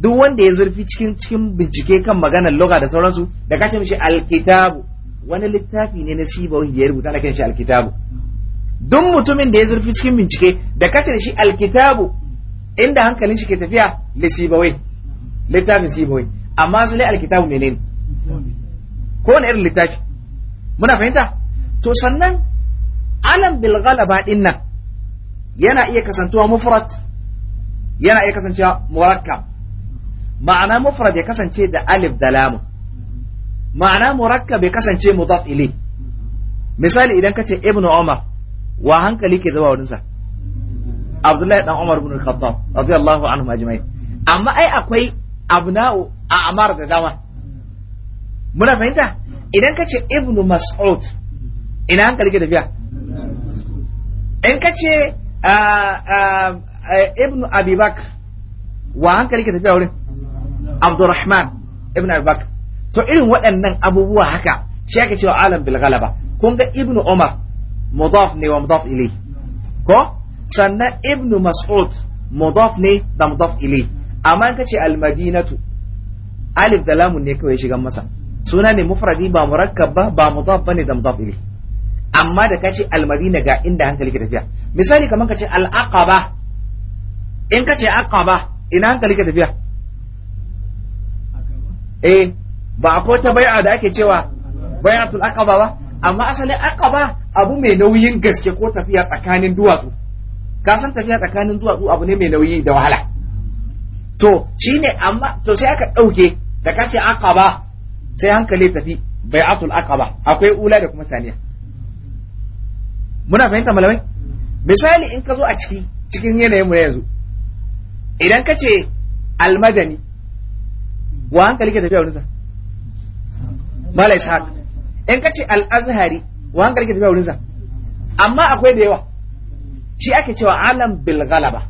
duk wanda ya zurfi cikin cikin bincike kan maganar lugha da sauransu da ce mishi alkitabu wani littafi ne na sibawai da ya rubuta na shi alkitabu duk mutumin da ya zurfi cikin bincike da kace da shi alkitabu inda hankalin shi ke tafiya wai littafin wai amma su ne alkitabu menene ko wani irin littafi muna fahimta to sannan alam bil ghalaba din nan yana iya kasantuwa mufrad yana iya kasancewa murakkab ma'ana mufrad ya kasance da alif da lam ma'ana murakkab ya kasance mudaf ilay misali idan kace ibnu umar wa hankali ke zuwa wurinsa abdullahi dan umar ibn al-khattab radiyallahu anhu ajma'in amma ai akwai abna'u a amar da dama muna fahimta idan kace ibnu mas'ud ina hankali ke tafiya in ka ce ibnu abibak wa hankali ke tafiya wurin abdurrahman ibnu abibak to irin waɗannan abubuwa haka shi aka cewa alam bil galaba kun ga ibnu umar mudaf ne wa mudaf ilai ko sannan ibnu mas'ud mudaf ne da mudaf ilai amma in ka ce almadinatu alif da lamun ne kawai shigan masa suna ne mufradi ba murakkab ba ba mudaf bane da mudaf ilai amma da kace almadina ga inda hankali ke tafiya misali kamar kace al-aqaba in kace aqaba ina hankali ke tafiya eh ba akwai ta bai'a da ake cewa bai'atul aqaba ba amma asali aqaba abu mai nauyin gaske ko tafiya tsakanin duwatsu ka san tafiya tsakanin duwatsu abu ne mai nauyi da wahala to shine amma to sai aka dauke da kace aqaba sai hankali tafi bai'atul aqaba akwai ula da kuma saniya muna fahimta malamai misali in ka zo a ciki cikin yanayin mu yanzu idan ka ce almadani wa hankali ke tafiya wurinsa malai sa in ka ce al-azhari wa hankali ke tafiya wurinsa amma akwai da yawa shi ake cewa alam bil galaba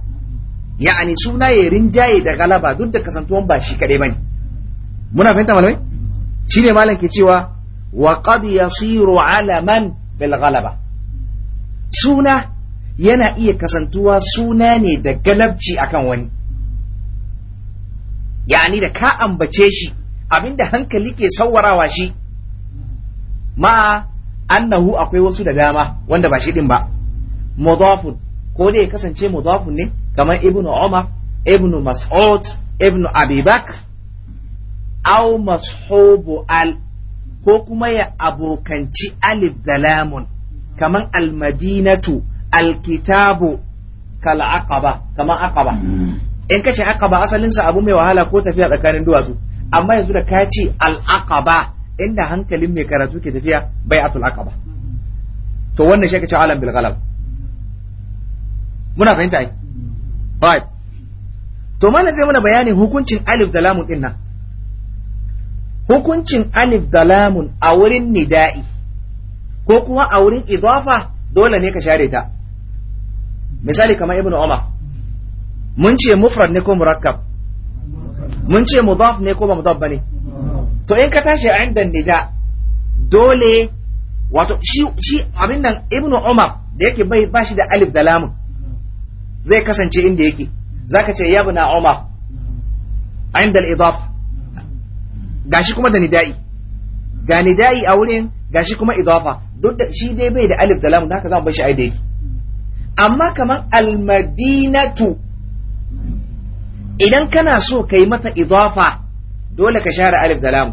ya'ani suna ya rinjaye da galaba duk da kasantuwan ba shi kadai bane muna fahimta malamai shine malam ke cewa wa qad yasiru alaman bil galaba suna yana iya kasantuwa suna ne da galabci akan wani yani da ka ambace shi abinda hankali ke sawarawa shi ma annahu akwai wasu da dama wanda ba shi din ba mudafun ko dai kasance mudafun ne kamar ibnu umar ibnu mas'ud ibnu abibak au mashubu al ko kuma ya abokanci alif da lamun kaman almadinatu alkitabu kal aqaba kaman aqaba hmm. in kace aqaba asalin abu mai wahala ko tafiya tsakanin duwatsu amma yanzu da ka ce al inda hankalin mai karatu ke tafiya bai'atul aqaba to wannan shi alam muna fahimta ai right to mana zai mana bayanin hukuncin alif da lamun din hukuncin alif da lamun a wurin nida'i ko kuma a wurin idafa dole ne ka share ta misali kamar ibnu umar mun ce mufrad ne ko murakkab mun ce mudaf ne ko ba mudaf bane to in ka tashi a inda nida dole wato shi shi abin nan ibnu umar da yake bai ba shi da alif da lamun zai kasance inda yake zaka ce ya ibnu umar inda al-idaf gashi kuma da nida'i ga nida'i a wurin gashi kuma idafa duk da shi dai bai da alif da lam da haka za mu bar shi ai da yake amma kamar almadinatu idan kana so kai mata idafa dole ka share alif da lam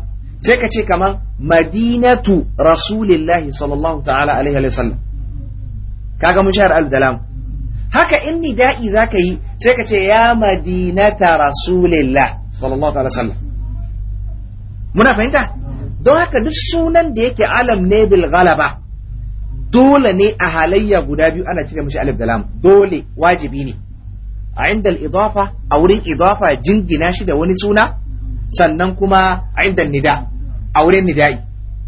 sai ka ce kamar madinatu rasulillahi sallallahu ta'ala alaihi wa sallam kaga mun share alif da lam haka in nida'i zaka yi sai ka ce ya madinata rasulillah sallallahu ta'ala sallam muna fahimta don haka duk sunan da yake alam ne bil ghalaba dole ne a halayya guda biyu ana cire mishi alif da lam dole wajibi ne a inda idafa a wurin idafa jingina shi da wani suna sannan kuma a inda nida a wurin nida'i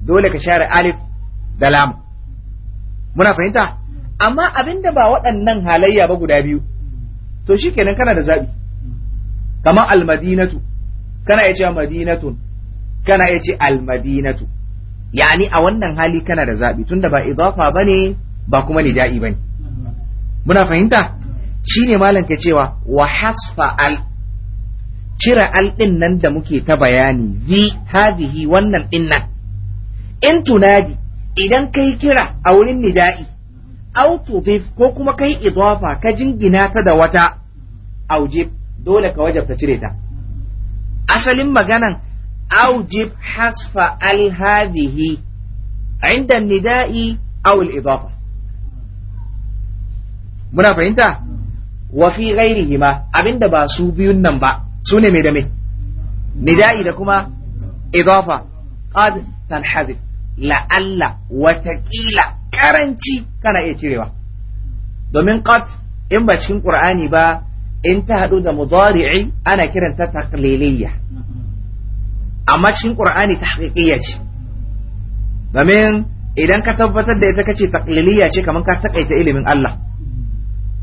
dole ka share alif da lam muna fahimta amma abinda ba waɗannan halayya ba guda biyu to shikenan kana da zabi kamar al-Madinatu, kana iya cewa madinatun kana iya ce almadinatu yani a wannan hali kana da zaɓi tunda ba idafa bane ba kuma nida'i bane muna fahimta shine ne ke cewa wa hasfa al cire al din nan da muke ta bayani zi hadhihi wannan din nan in tunadi idan kai kira a wurin nida'i aw ko kuma kai idafa ka jingina ta da wata aujib dole ka wajabta cire ta asalin maganan أوجب حذف ال هذه عند النداء أو الإضافة muna fahimta wa fi abinda basu su biyun nan ba su ne mai da nida'i da kuma idafa qad tanhazib la'alla watakila karanci kana iya cirewa domin qad in ba cikin ƙur'ani ba in ta hadu da mudari'i ana kiranta taqliliyya amma cikin qur'ani tahqiqiyya ce domin idan ka tabbatar da ita kace taqliliyya ce kaman ka takaita ilimin Allah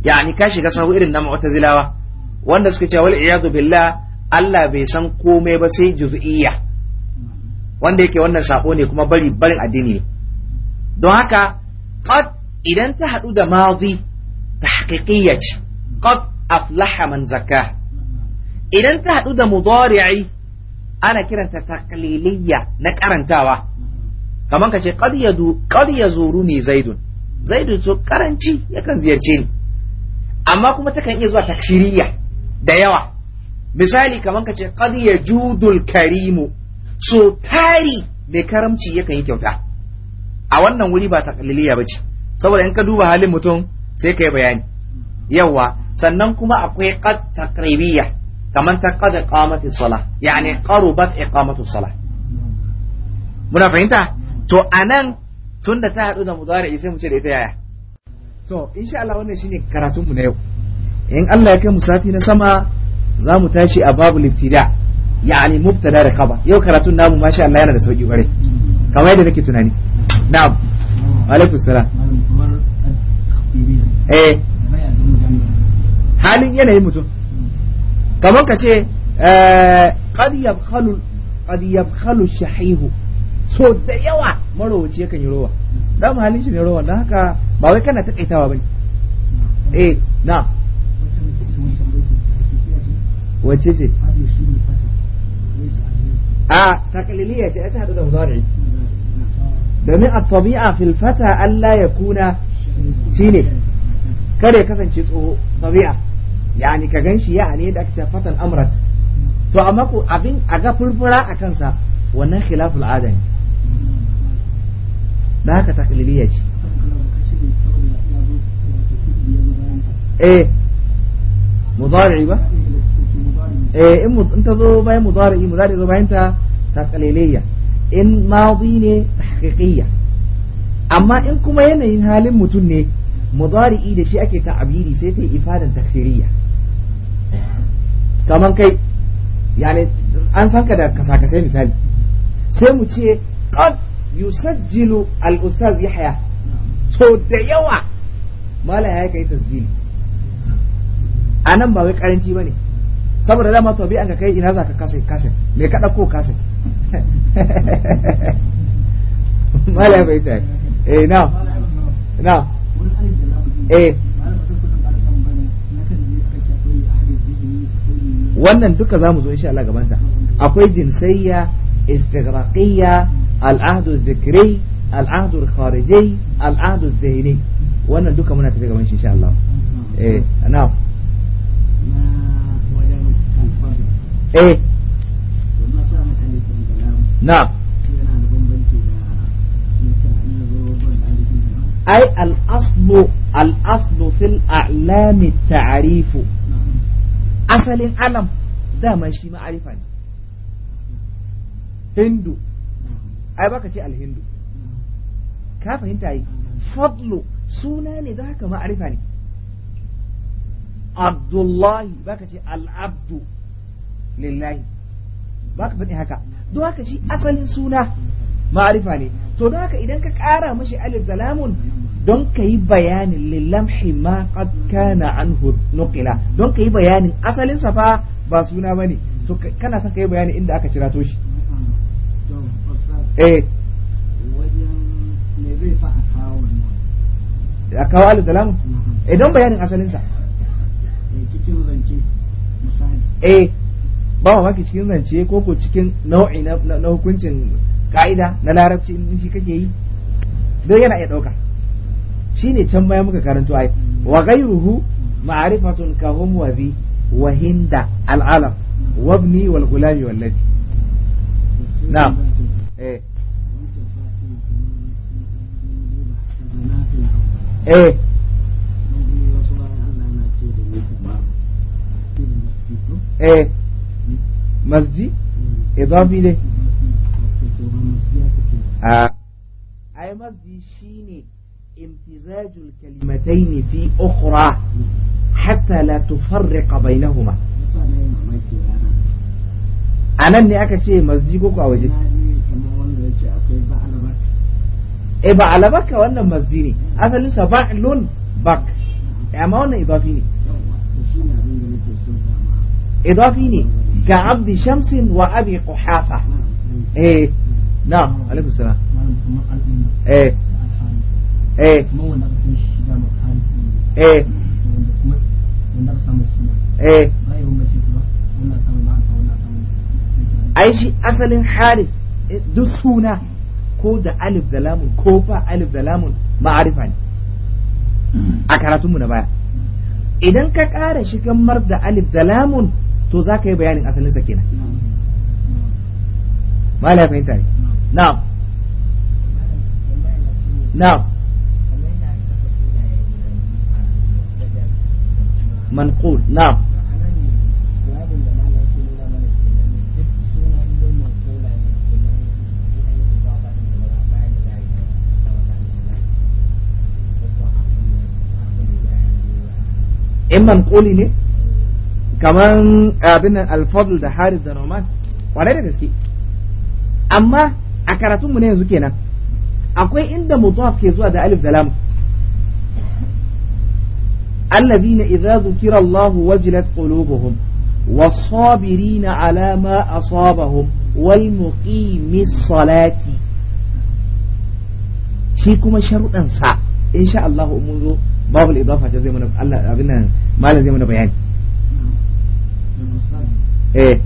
yani ka shiga sahu irin na mu'tazilawa wanda suka ce wal iyadu billah Allah bai san komai ba sai juz'iyya wanda yake wannan sako ne kuma bari barin addini don haka qad idan ta hadu da madi tahqiqiyya ce qad aflaha man zakka idan ta hadu da mudari'i ana kiranta takliliya na karantawa kamar ka ce ya zuru ni zaidun zaidun to karanci yakan ziyarce ni amma kuma takan iya zuwa takshiriya da yawa misali kamar ka ce ya judul karimu so tari mai karamci yakan yi kyauta a wannan wuri ba takliliya ce. saboda in ka duba halin mutum sai ka yi bayani yawa sannan kuma akwai qad taqribiyya kamar ta qad qamati salah yani qarubat iqamatu sala. muna fahimta to a anan tunda ta haɗu da mudari sai mu ce da ita yaya to insha Allah wannan shine karatunmu na yau in Allah ya kai mu sati na sama za mu tashi a babu liftida yani mubtada da kaba yau karatun namu masha Allah yana da sauki bare kamar yadda nake tunani na'am alaikum salam eh halin yanayin mutum kamar ka ce eh, qad yabkhalu shahihu so da yawa marowaci yakan yi rowa dan halin shi ne rowa dan haka ba wai kana takaitawa bane eh na wace ce a takaliliya ce ta hadu da mudari domin a tabi'a fil fata Allah ya kuna shine kada ya kasance tsoho tabi'a yani ka gan shi ya ne da aka fatan amrat to amma ku abin a ga furfura a kansa wannan khilaful ada ne da haka takliliya ce eh mudari ba eh in ta zo bayan mudari mudari zo bayan ta takliliya in madi ne tahqiqiyya amma in kuma yanayin halin mutum ne mudari'i da shi ake ta ta'abiri sai ta yi ifadan taksiriya kaman kai yani an san ka da kasakasai misali sai mu ce qad yusajjilu al-ustaz Yahya to da yawa mala ya kai tasjili anan ba wai karanci bane saboda dama to bi an ka kai ina za ka kase kase me ka dauko kase mala bai ta eh na na eh wannan duka zamu zo insha Allah gabanta akwai jinsayya istighraqiyya al'ahdu dhikri al'ahdu khariji al'ahdu dhihni wannan duka muna tafi gaban shi insha Allah eh na'am eh na'am أي الأصل الأصل في الأعلام التعريف asalin alam dama shi ma'arifa ne hindu ai baka ce alhindu ka fahimta yi fadlo suna ne za ka ma'arifa ne abdullahi baka ce al'abdu lillahi baka faɗi haka don haka shi asalin suna ma'arifa ne to don haka idan ka ƙara mashi alif da lamun don ka yi bayanin lillamhi ma qad kana anhu nuqila don ka yi bayanin asalin sa fa ba suna ba ne so kana son ka yi bayanin inda aka cira toshi. eh wajen me zai sa a kawo a salamu mm-hmm. eh don bayanin asalin sa eh, cikin zance misali eh ba maki cikin zance ko ko cikin nau'i na hukuncin ka'ida na larabci in shi kake yi don yana iya ɗauka shine can baya muka karanto ai wa ghayruhu ma'rifatun ka hum wa bi wa hinda al'alam wa ibni wal gulami wal ladhi na'am eh eh eh masji idafi ne a ah. ai masji امتزاج الكلمتين في أخرى حتى لا تفرق بينهما أنا أني أكتشي مزيقك أو جد إبا على بك وأنا مزيني هذا لنسى باع لون بك أما يعني أنا إضافيني إضافيني كعبد شمس وأبي قحافة إيه نعم عليكم السلام إيه eh eh eh ai shi asalin haris eh, duk suna ko da alif da lamun ko ba alif da lamun ma'arifa ne a karatunmu na baya idan ka ƙara shigamar da alif da lamun to za ka yi bayanin asalinsa kenan ma fahimta ne na'am na'am manqul na'am in manquli ne kaman abin alfadl da haris da Noman. kwarai da gaske amma a karatunmu ne yanzu kenan akwai inda mudaf ke zuwa da alif da lam الذين إذا ذكر الله وجلت قلوبهم والصابرين على ما أصابهم والمقيم الصلاة shi kuma sharuɗan sa insha Allah mun zo babu idafa ta zai mana Allah abin nan malam zai mana bayani eh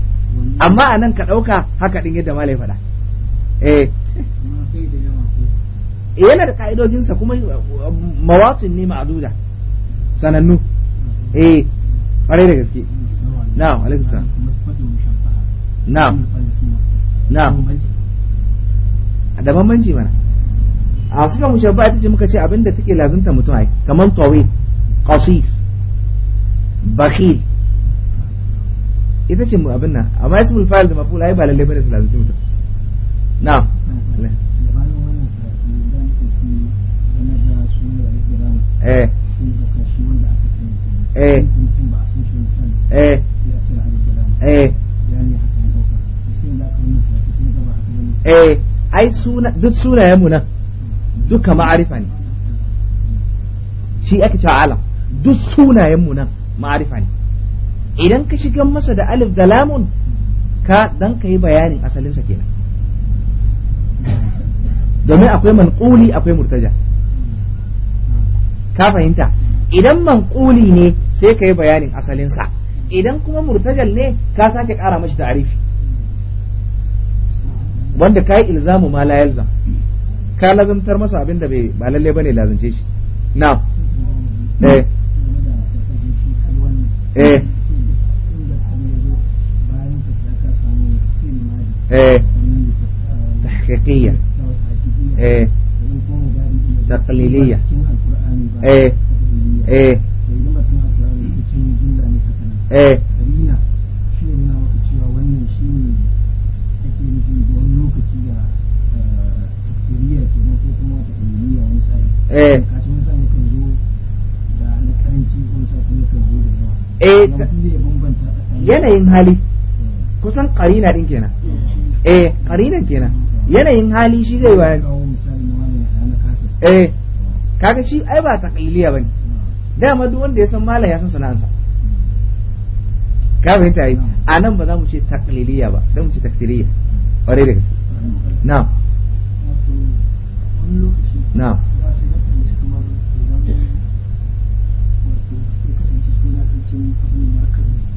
amma anan ka dauka haka din yadda malam ya faɗa eh yana da kuma mawatin ne ma'aduda sanannu eh ƙwarai da gaske na'am alaikum salam na'am na'am da bambanci mana a sifa mushabba ita ce muka ce abinda take lazimta mutum ai kamar tawil qasid bakhil ita ce mu abin nan amma ismul fa'il da maf'ul ai ba lalle bane su lazimta mutum na'am eh duk sunayenmu nan duka ma'arifa ne shi ake cewa alam duk sunayenmu nan ma'arifa ne idan ka shiga masa da alif da lamun ka dan ka yi bayanin asalinsa kenan domin akwai manƙuli akwai murtaja ka fahimta idan manƙuli ne sai ka yi bayanin asalinsa idan kuma murtajal ne ka sake ƙara mashi ta'arifi wanda kai ilzamu ma la yalzam ka lazantar masa abin da bai ba lalle bane lazance shi na eh eh eh tahqiqiyya eh taqliliyya eh eh eh eh, eh yanayin hali kusan karina din kenan eh karina kenan yanayin hali shi zai bayani eh kaga shi ai ba taqiliya bane dama duk wanda ya san mala ya san sana'arsa, ka fahimta yi a nan ba za mu ce takliliya ba sai mu ce taksiriya ƙwarai da gaske na'am na'am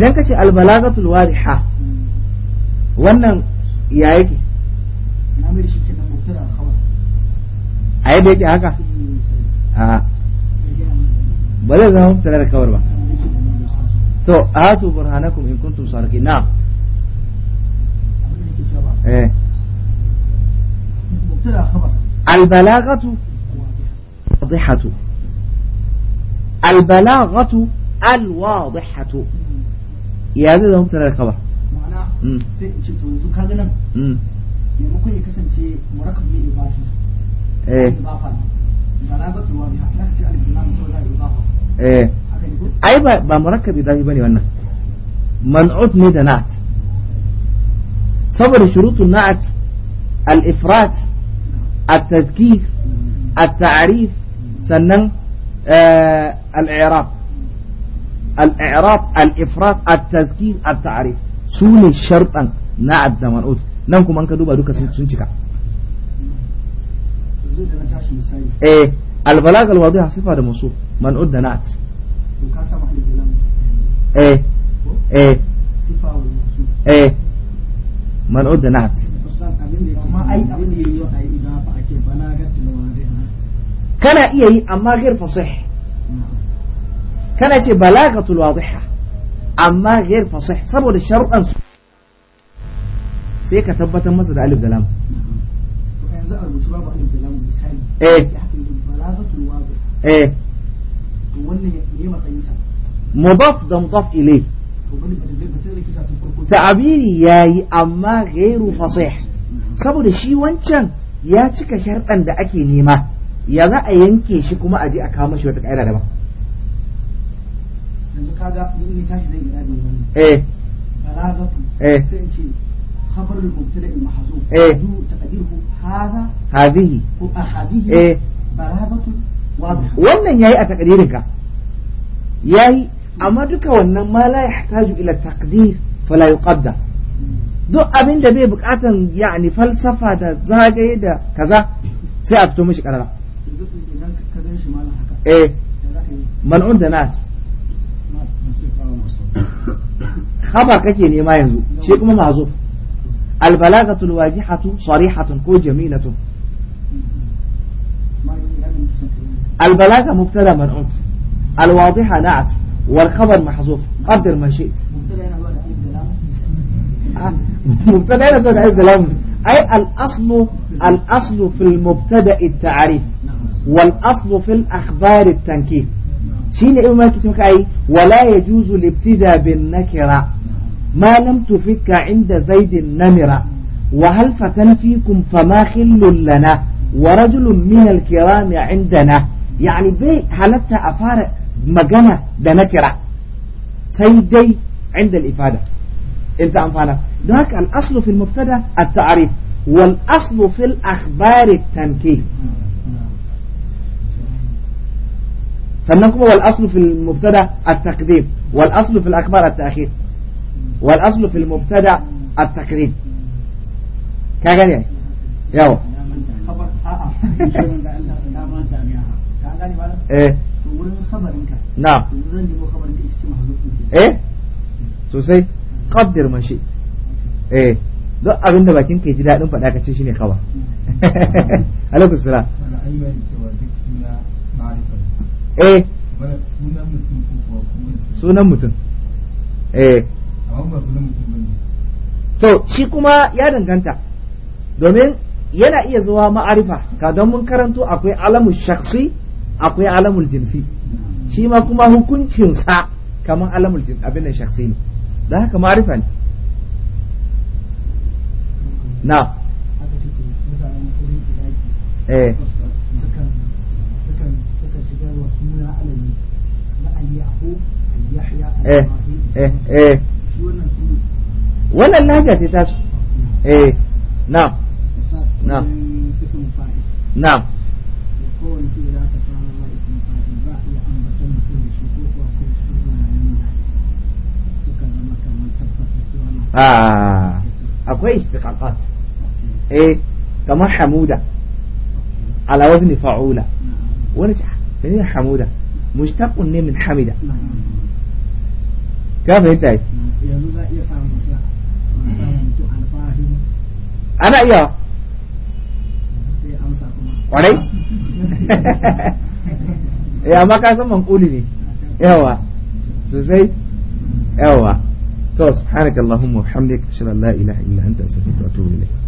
idan ka ce albalagatul wadiha wannan ya yake a yadda yake haka a ba zai zama mutane da kawar ba to hatu burhanakum in kuntum sadiqin na eh البلاغة واضحة البلاغة wadihatu ya zai zama mutane da khabar ma'ana hmm. sai ce to yanzu ka ga nan hmm. maimakon ya kasance murakkab eh. ne da batu eh ba na ga tuwa bi hasan ta al-bilam ba ibafa eh ai ba ba murakkab idafi bane wannan man'ut ne da na'at saboda shurutun na'at al-ifrat at-tadkif at-ta'rif sannan eh, al-i'rab al-i'rab al-ifrat at-tazkir at-ta'rif su ne sharɗan na ad-damarut nan kuma an ka duba duka sun cika eh al-balag al-wadiha sifa da musu man'ud da na'at eh eh eh man'ud da na'at kana iya yi amma ghair fasih kana ce balagatul wadiha amma ghair fasih saboda sharuɗan su sai ka tabbatar masa da alif da lam yanzu a rubutu babu alif da lam misali eh balagatul wadiha eh to wannan ya matsayin sa mudaf da mudaf ta'abiri yayi amma ghairu fasih saboda shi wancan ya cika sharɗan da ake nema ya za a yanke shi kuma a je a kawo mashi wata ƙa'ida daban yanzu kaga in ya tashi zai ina da wannan eh balagatu eh sai ce خبر المبتدا المحذوف ايه تقديره هذا هذه هذه ايه بلاغه واضحه wannan yayi a takdirinka yayi amma duka wannan ma la yahtaju ila taqdir fala yuqaddar hmm. duk abin da bai bukatan yani falsafa da zagaye da kaza sai a fito mishi karara eh mal'un da nat خبر كتي نيما ينزو شيء كما معزوف البلاغة الواجحة صريحة كو جميلة البلاغة من منعوت الواضحة نعت والخبر محذوف قدر ما شئت مبتدا هنا تقول عايز دلام أي الأصل الأصل في المبتدا التعريف والأصل في الأخبار التنكيف shine ibn malik suka ai wala yajuzu libtida bin nakira ma lam tufika inda zaidin namira wa hal fatan fikum fama khillun lana wa rajulun min al-kiram indana yani bai halatta a fara magana da nakira sai dai inda al-ifada انت انفعنا ذاك الاصل في المبتدا التعريف والاصل في الاخبار التنكيل فنكم هو في المبتدا التقديم والأصل في الأخبار التأخير والأصل في المبتدا التقديم كذا يعني ياو نعم ايه سوسي قدر ما شئت ايه دو ابن دباكين كي جدا دون فداكا تشيني خبر عليكم (laughs) السلام eh sunan mutum eh to shi kuma ya danganta domin yana iya zuwa ma'arifa ka don mun karanto akwai alamun shaksi akwai alamun jinsi shi ma kuma hukuncinsa kamar alamun jinsi abin da shaksi ne da haka ma'arifa ne na Eh, eh, eh. wannan lafiya ah. eh na na na ah. akwai istiqaqat eh kamar hamuda ala wazni fa'ula wani ce ah, hamuda mushtaqun ne min hamida ka fahimta yi ana ya amma ka ne yawa sosai yawa to subhanakallahumma wa bihamdika la ilaha illa anta astaghfiruka